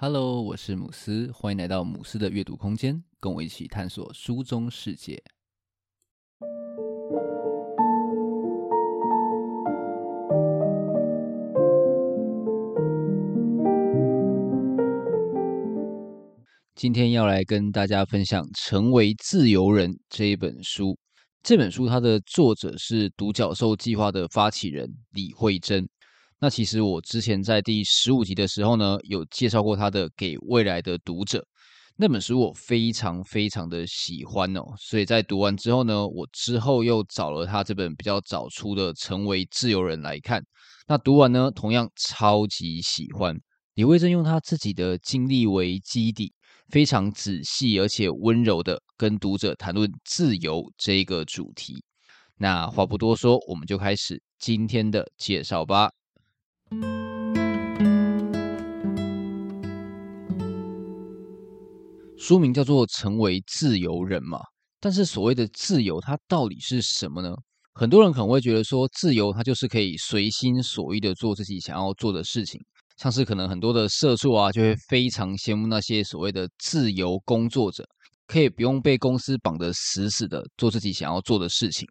哈嘍，我是姆斯，歡迎來到姆斯的閱讀空間，跟我一起探索書中世界。今天要來跟大家分享《成為自由人》這一本書。這本書它的作者是獨角獸計劃的發起人李惠貞。那其實我之前在第十五集的時候呢，有介紹過他的《給未來的讀者》那本書，我非常非常的喜歡哦。所以在讀完之後呢，我之後又找了他這本比較早出的《成為自由人》來看。那讀完呢，同樣超級喜歡，李惠貞用他自己的經歷為基底，非常仔細而且溫柔的跟讀者談論自由這個主題。那話不多說，我們就開始今天的介紹吧。書名叫做《成為自由人》嘛，但是所謂的自由，它到底是什麼呢？很多人可能會覺得說，自由它就是可以隨心所欲的做自己想要做的事情，像是可能很多的社畜啊，就會非常羨慕那些所謂的自由工作者，可以不用被公司綁得死死的，做自己想要做的事情。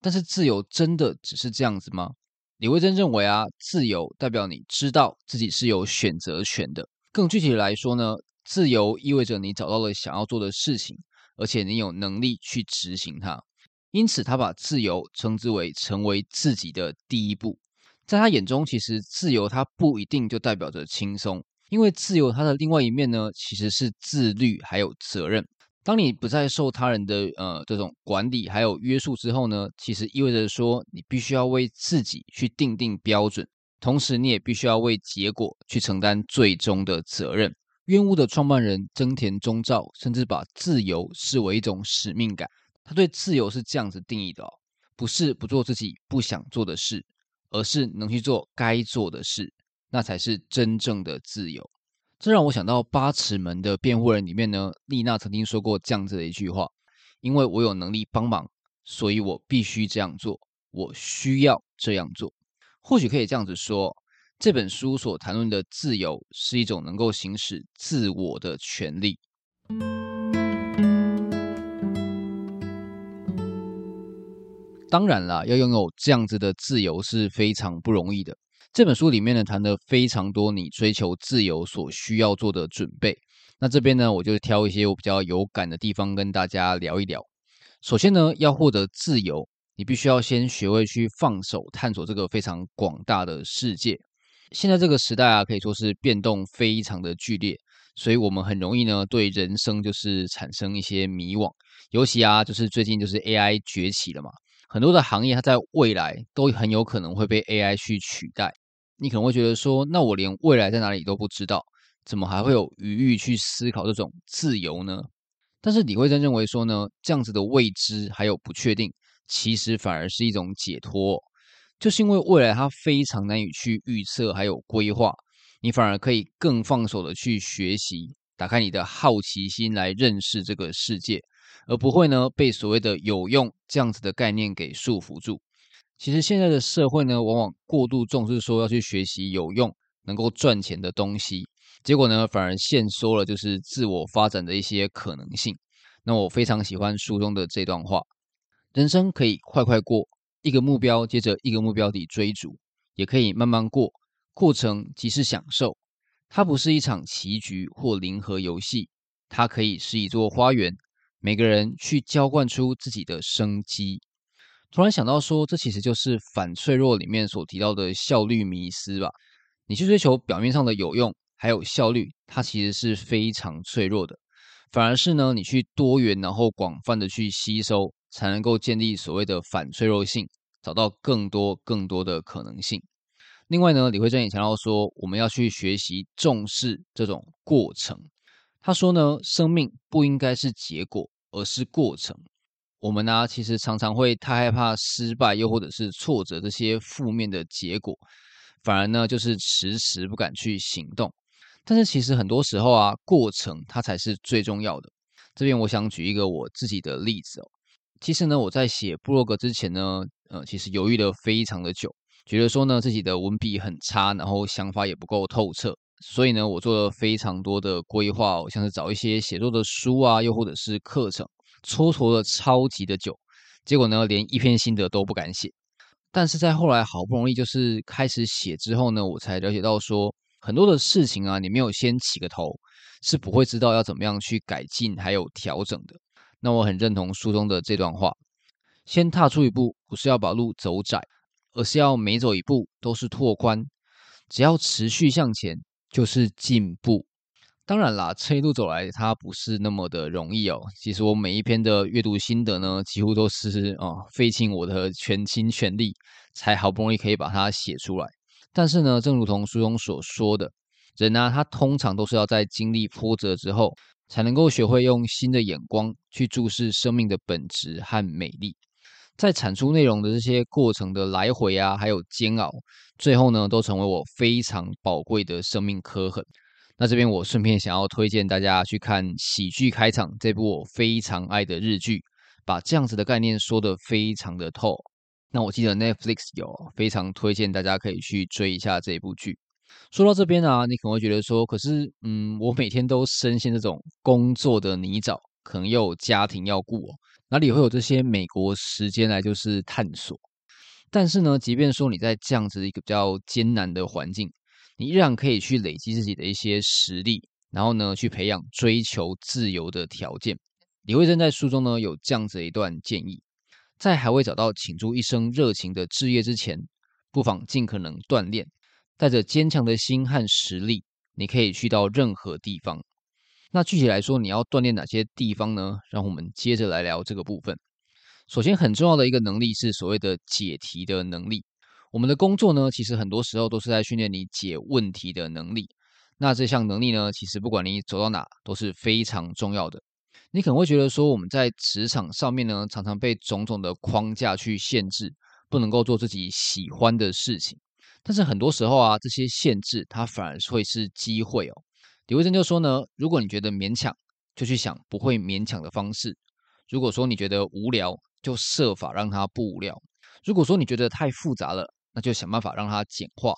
但是，自由真的只是這樣子嗎？李惠貞認為啊，自由代表你知道自己是有選擇權的。更具體來說呢？自由意味着你找到了想要做的事情，而且你有能力去執行它。因此，他把自由稱之為成為自己的第一步。在他眼中，其實自由它不一定就代表着輕鬆，因為自由它的另外一面呢，其實是自律還有責任。當你不再受他人的呃這種管理還有約束之後呢，其實意味着說你必須要為自己去訂定標準，同時你也必須要為結果去承擔最終的責任。冤屋的創辦人增田宗昭甚至把自由視為一種使命感。他對自由是這樣子定義的哦：不是不做自己不想做的事，而是能去做該做的事，那才是真正的自由。這讓我想到八尺門的辯護人裡面呢，麗娜曾經說過這樣子的一句話：因為我有能力幫忙，所以我必須這樣做，我需要這樣做。或許可以這樣子說。這本書所談論的自由，是一種能夠行使自我的權利。當然了，要擁有這樣子的自由是非常不容易的。這本書裡面呢，談的非常多，你追求自由所需要做的準備。那這邊呢，我就挑一些我比較有感的地方跟大家聊一聊。首先呢，要獲得自由，你必須要先學會去放手，探索這個非常廣大的世界。現在這個時代啊，可以說是變動非常的劇烈，所以我們很容易呢，對人生就是產生一些迷惘。尤其啊，就是最近就是 AI 崛起了嘛，很多的行業它在未來都很有可能會被 AI 去取代，你可能會覺得說，那我連未來在哪裡都不知道，怎麼還會有餘裕去思考這種自由呢？但是李惠貞認為說呢，這樣子的未知還有不確定，其實反而是一種解脫哦。就是因為未來它非常難以去預測，還有規劃，你反而可以更放手的去學習，打開你的好奇心來認識這個世界，而不會呢被所謂的有用這樣子的概念給束縛住。其實現在的社會呢，往往過度重視說要去學習有用、能夠賺錢的東西，結果呢反而限縮了就是自我發展的一些可能性。那我非常喜歡書中的這段話：人生可以快快過。一個目標，接着一個目標地追逐，也可以慢慢過。過程即是享受，它不是一場棋局或零和遊戲，它可以是一座花園，每個人去澆灌出自己的生機。突然想到說，這其實就是反脆弱裡面所提到的效率迷思吧？你去追求表面上的有用，還有效率，它其實是非常脆弱的。反而是呢，你去多元，然後廣泛的去吸收。才能夠建立所謂的反脆弱性，找到更多更多的可能性。另外呢，李惠貞也強調說，我們要去學習重視這種過程。他說呢，生命不應該是結果，而是過程。我們呢，其實常常會太害怕失敗，又或者是挫折這些負面的結果，反而呢，就是遲遲不敢去行動。但是其實很多時候啊，過程它才是最重要的。這邊我想舉一個我自己的例子哦。其實呢，我在寫布洛格之前呢，呃，其實猶豫了非常的久，覺得說呢，自己的文筆很差，然後想法也不夠透徹，所以呢，我做了非常多的規劃，像是找一些寫作的書啊，又或者是課程，蹉跎了超級的久，結果呢，連一篇心得都不敢寫。但是在後來好不容易就是開始寫之後呢，我才了解到說很多的事情啊，你沒有先起個頭，是不會知道要怎麼樣去改進還有調整的。那我很認同書中的這段話，先踏出一步，不是要把路走窄，而是要每走一步都是拓寬。只要持續向前，就是進步。當然啦，這一路走來，它不是那麼的容易哦。其實我每一篇的閱讀心得呢，幾乎都是啊，費盡我的全心全力，才好不容易可以把它寫出來。但是呢，正如同書中所說的，人啊，他通常都是要在經歷波折之後。才能夠學會用新的眼光去注視生命的本質和美麗，在產出內容的這些過程的來回啊，還有煎熬，最後呢，都成為我非常寶貴的生命刻痕。那這邊我順便想要推薦大家去看《喜劇開場》這部我非常愛的日劇，把這樣子的概念說得非常的透。那我記得 Netflix 有，非常推薦大家可以去追一下這部劇。說到這邊啊，你可能會覺得說，可是，嗯，我每天都深陷這種工作的泥沼，可能又有家庭要顧哦，哪裡會有這些美國時間來就是探索？但是呢，即便說你在這樣子一個比較艱難的環境，你依然可以去累積自己的一些實力，然後呢，去培養追求自由的條件。李惠貞在書中呢有這樣子的一段建議：在還未找到傾注一生熱情的志業之前，不妨盡可能鍛鍊。帶着堅強的心和實力，你可以去到任何地方。那具體來說，你要鍛鍊哪些地方呢？讓我們接着來聊這個部分。首先，很重要的一個能力是所謂的解題的能力。我們的工作呢，其實很多時候都是在訓練你解問題的能力。那這項能力呢，其實不管你走到哪都是非常重要的。你可能會覺得說，我們在職場上面呢，常常被種種的框架去限制，不能夠做自己喜歡的事情。但是很多時候啊，這些限制它反而會是機會哦。李惠貞就說呢，如果你覺得勉強，就去想不會勉強的方式；如果說你覺得無聊，就設法讓它不無聊；如果說你覺得太複雜了，那就想辦法讓它簡化；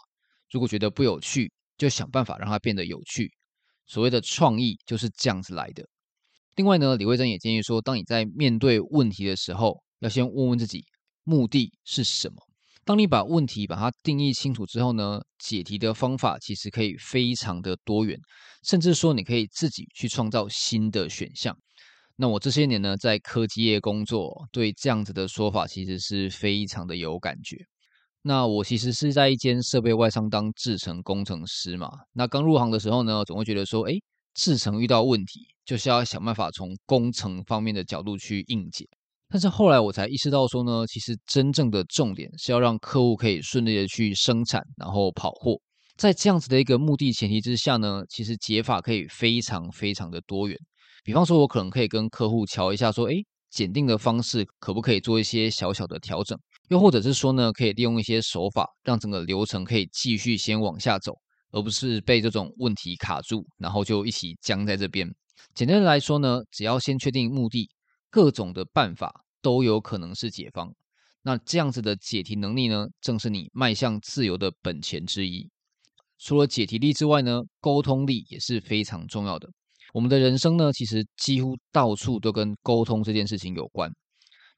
如果覺得不有趣，就想辦法讓它變得有趣。所謂的創意就是這樣子來的。另外呢，李惠貞也建議說，當你在面對問題的時候，要先問問自己，目的是什麼。當你把問題把它定義清楚之後呢，解題的方法其實可以非常的多元，甚至說你可以自己去創造新的選項。那我這些年呢，在科技業工作，對這樣子的說法其實是非常的有感覺。那我其實是在一間設備外商當制程工程師嘛。那剛入行的時候呢，總會覺得說，誒，製程遇到問題，就是要想辦法從工程方面的角度去應解。但是後來我才意識到說呢，其實真正的重點是要讓客戶可以順利的去生產，然後跑貨。在這樣子的一個目的前提之下呢，其實解法可以非常非常的多元。比方說，我可能可以跟客戶喬一下，說，哎，檢定的方式可不可以做一些小小的調整？又或者是說呢，可以利用一些手法，讓整個流程可以繼續先往下走，而不是被這種問題卡住，然後就一起僵在這邊。簡單的來說呢，只要先確定目的，各種的辦法。都有可能是解方。那這樣子的解題能力呢，正是你邁向自由的本錢之一。除了解題力之外呢，溝通力也是非常重要的。我們的人生呢，其實幾乎到處都跟溝通這件事情有關。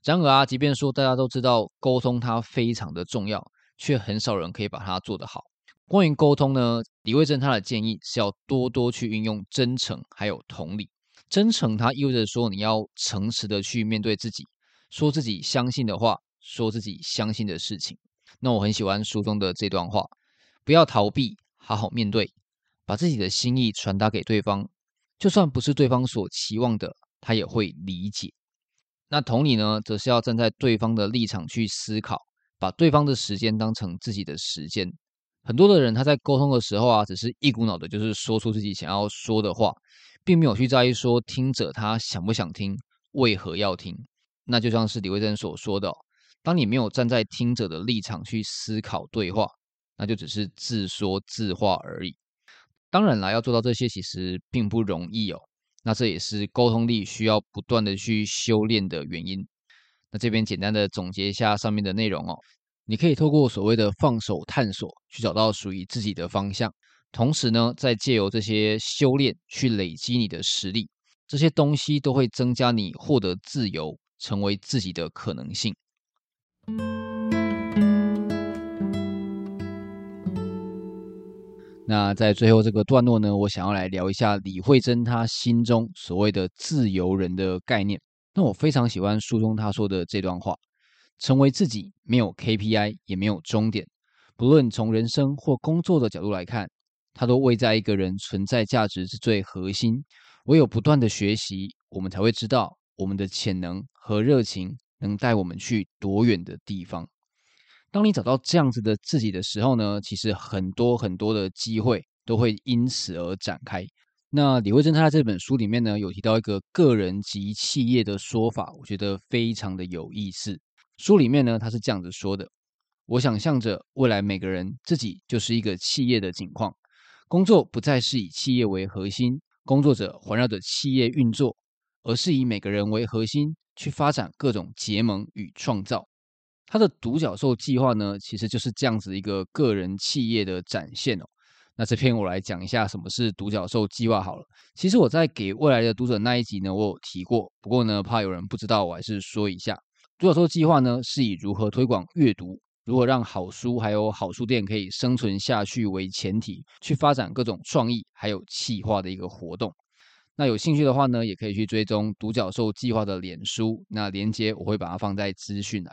然而啊，即便說大家都知道溝通它非常的重要，卻很少人可以把它做得好。關於溝通呢，李惠貞他的建議是要多多去運用真誠，還有同理。真誠它意味着說你要誠實的去面對自己。說自己相信的話，說自己相信的事情。那我很喜歡書中的這段話：不要逃避，好好面對，把自己的心意傳達給對方。就算不是對方所期望的，他也會理解。那同理呢，則是要站在對方的立場去思考，把對方的時間當成自己的時間。很多的人他在溝通的時候啊，只是一股腦的就是說出自己想要說的話，並沒有去在意說聽者他想不想聽，為何要聽。那就像是李惠貞所說的哦，當你沒有站在聽者的立場去思考對話，那就只是自說自話而已。當然啦，要做到這些其實並不容易哦。那這也是溝通力需要不斷的去修煉的原因。那這邊簡單的總結一下上面的內容哦，你可以透過所謂的放手探索去找到屬於自己的方向，同時呢，再借由這些修煉去累積你的實力，這些東西都會增加你獲得自由成為自己的可能性。那在最後這個段落呢，我想要來聊一下李惠貞她心中所謂的自由人的概念。那我非常喜歡書中她說的這段話，成為自己沒有 KPI，也沒有終點，不論從人生或工作的角度來看，它都位在一個人存在價值之最核心。唯有不斷的學習，我們才會知道。我們的潛能和熱情能帶我們去多遠的地方？當你找到這樣子的自己的時候呢，其實很多很多的機會都會因此而展開。那李惠貞他在這本書裡面呢，有提到一個個人及企業的說法，我覺得非常的有意思。書裡面呢，他是這樣子說的：我想象着未來每個人自己就是一個企業的景況，工作不再是以企業為核心，工作者環繞着企業運作。而是以每個人為核心去發展各種結盟與創造。他的獨角獸計劃呢，其實就是這樣子一個個人企業的展現哦。那這篇我來講一下什麼是獨角獸計劃好了。其實我在給未來的讀者那一集呢，我有提過。不過呢，怕有人不知道，我還是說一下。獨角獸計劃呢，是以如何推廣閱讀，如何讓好書還有好書店可以生存下去為前提，去發展各種創意還有企劃的一個活動。那有興趣的話呢，也可以去追蹤獨角獸計劃的臉書，那連結我會把它放在資訊欄。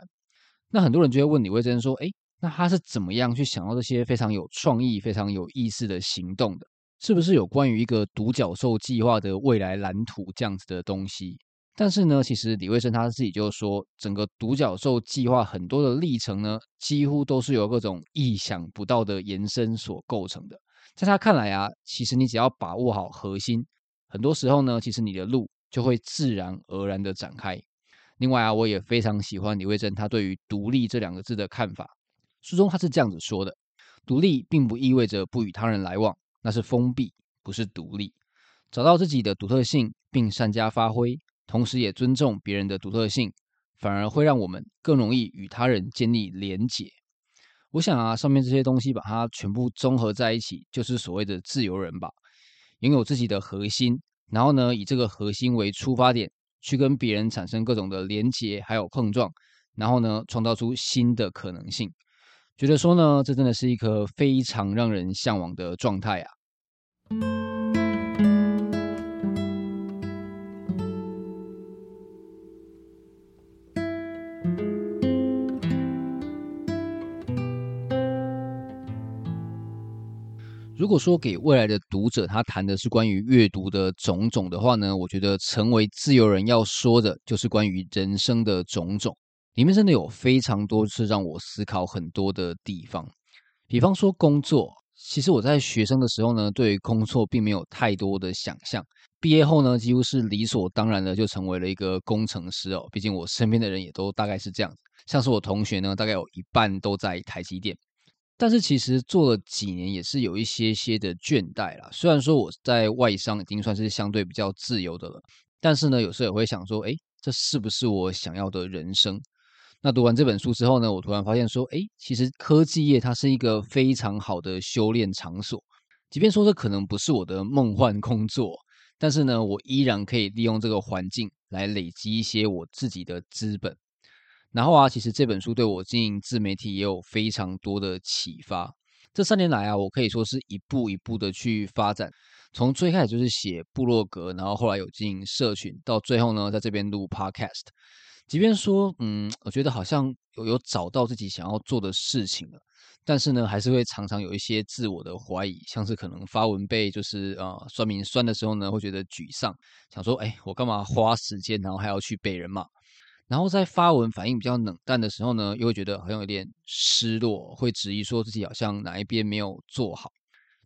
那很多人就會問李惠貞說：“哎，那他是怎麼樣去想到這些非常有創意、非常有意思的行動的？是不是有關於一個獨角獸計劃的未來藍圖這樣子的東西？”但是呢，其實李惠貞他自己就說，整個獨角獸計劃很多的歷程呢，幾乎都是由各種意想不到的延伸所構成的。在他看來啊，其實你只要把握好核心。很多時候呢，其實你的路就會自然而然的展開。另外啊，我也非常喜歡李惠貞她對於“獨立”這兩個字的看法。書中她是這樣子說的：“獨立並不意味着不與他人來往，那是封閉，不是獨立。找到自己的獨特性並善加發揮，同時也尊重別人的獨特性，反而會讓我們更容易與他人建立連結。”我想啊，上面這些東西把它全部綜合在一起，就是所謂的自由人吧。擁有自己的核心，然後呢，以這個核心為出發點，去跟別人產生各種的連接，還有碰撞，然後呢，創造出新的可能性。覺得說呢，這真的是一個非常讓人向往的狀態啊。如果說給未來的讀者，他談的是關於閱讀的種種的話呢，我覺得成為自由人要說的，就是關於人生的種種。裡面真的有非常多是讓我思考很多的地方。比方說工作，其實我在學生的時候呢，對於工作並沒有太多的想象。畢業後呢，幾乎是理所當然的就成為了一個工程師哦。畢竟我身邊的人也都大概是這樣，像是我同學呢，大概有一半都在台積電。但是其實做了幾年也是有一些些的倦怠啦，雖然說我在外商已經算是相對比較自由的了，但是呢，有時候也會想說，誒，這是不是我想要的人生？那讀完這本書之後呢，我突然發現說，誒，其實科技業它是一個非常好的修煉場所。即便說這可能不是我的夢幻工作，但是呢，我依然可以利用這個環境來累積一些我自己的資本。然後啊，其實這本書對我經營自媒體也有非常多的啟發。這三年來啊，我可以說是一步一步的去發展。從最開始就是寫部落格，然後後來有經營社群，到最後呢，在這邊錄 Podcast。即便說，嗯，我覺得好像有有找到自己想要做的事情了，但是呢，還是會常常有一些自我的懷疑，像是可能發文被就是呃酸民酸的時候呢，會覺得沮喪，想說，哎，我幹嘛花時間，然後還要去被人罵？然後在發文反應比較冷淡的時候呢，又會覺得好像有點失落，會質疑說自己好像哪一邊沒有做好。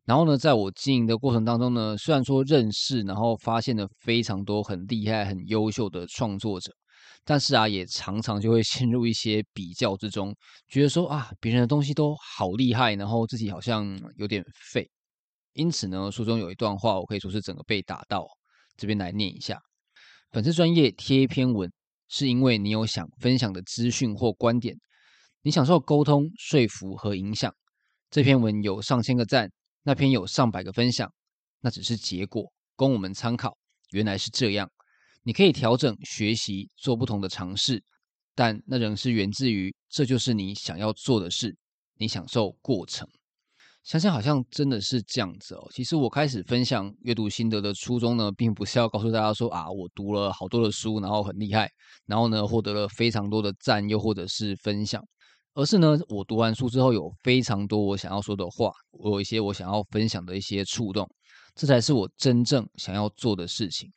然後呢，在我經營的過程當中呢，雖然說認識，然後發現了非常多很厲害、很優秀的創作者，但是啊，也常常就會陷入一些比較之中，覺得說啊，別人的東西都好厲害，然後自己好像有點廢。因此呢，書中有一段話，我可以說是整個被打到，這邊來念一下：粉絲專頁貼篇文。是因為你有想分享的資訊或觀點，你享受溝通、說服和影響。這篇文有上千個讚，那篇有上百個分享，那只是結果，供我們參考。原來是這樣，你可以調整、學習、做不同的嘗試，但那仍是源自於這就是你想要做的事，你享受過程。想想好像真的是這樣子哦。其實我開始分享閱讀心得的初衷呢，並不是要告訴大家說啊，我讀了好多的書，然後很厲害，然後呢獲得了非常多的讚，又或者是分享，而是呢，我讀完書之後有非常多我想要說的話，我有一些我想要分享的一些觸動，這才是我真正想要做的事情。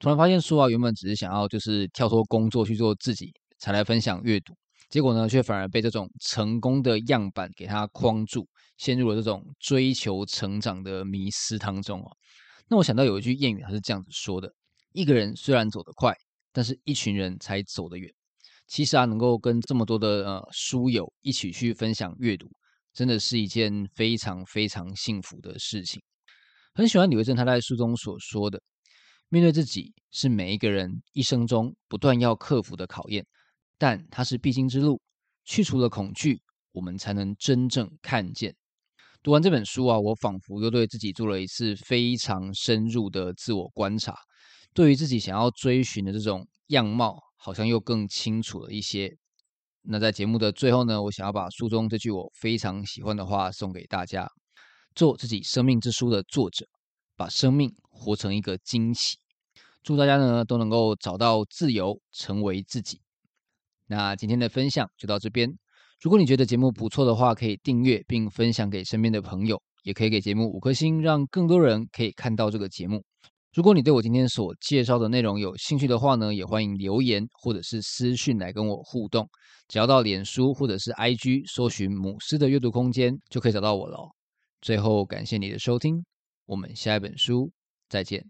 突然發現，書啊，原本只是想要就是跳脫工作去做自己，才來分享閱讀。結果呢，卻反而被這種成功的樣板給他框住，陷入了這種追求成長的迷思當中啊。那我想到有一句諺語，它是這樣子說的：一個人雖然走得快，但是一群人才走得遠。其實啊，能夠跟這麼多的呃書友一起去分享閱讀，真的是一件非常非常幸福的事情。很喜歡李惠貞他在書中所說的：面對自己，是每一個人一生中不斷要克服的考驗。但它是必經之路，去除了恐懼，我們才能真正看見。讀完這本書啊，我仿佛又對自己做了一次非常深入的自我觀察，對於自己想要追尋的這種樣貌，好像又更清楚了一些。那在節目的最後呢，我想要把書中這句我非常喜歡的話送給大家，做自己生命之書的作者，把生命活成一個驚喜。祝大家呢都能夠找到自由，成為自己。那今天的分享就到這邊。如果你覺得節目不錯的話，可以訂閱並分享給身邊的朋友，也可以給節目五顆星，讓更多人可以看到這個節目。如果你對我今天所介紹的內容有興趣的話呢，也歡迎留言或者是私訊來跟我互動。只要到臉書或者是 IG 搜尋“姆斯的閱讀空間”就可以找到我了哦。最後，感謝你的收聽，我們下一本書再見。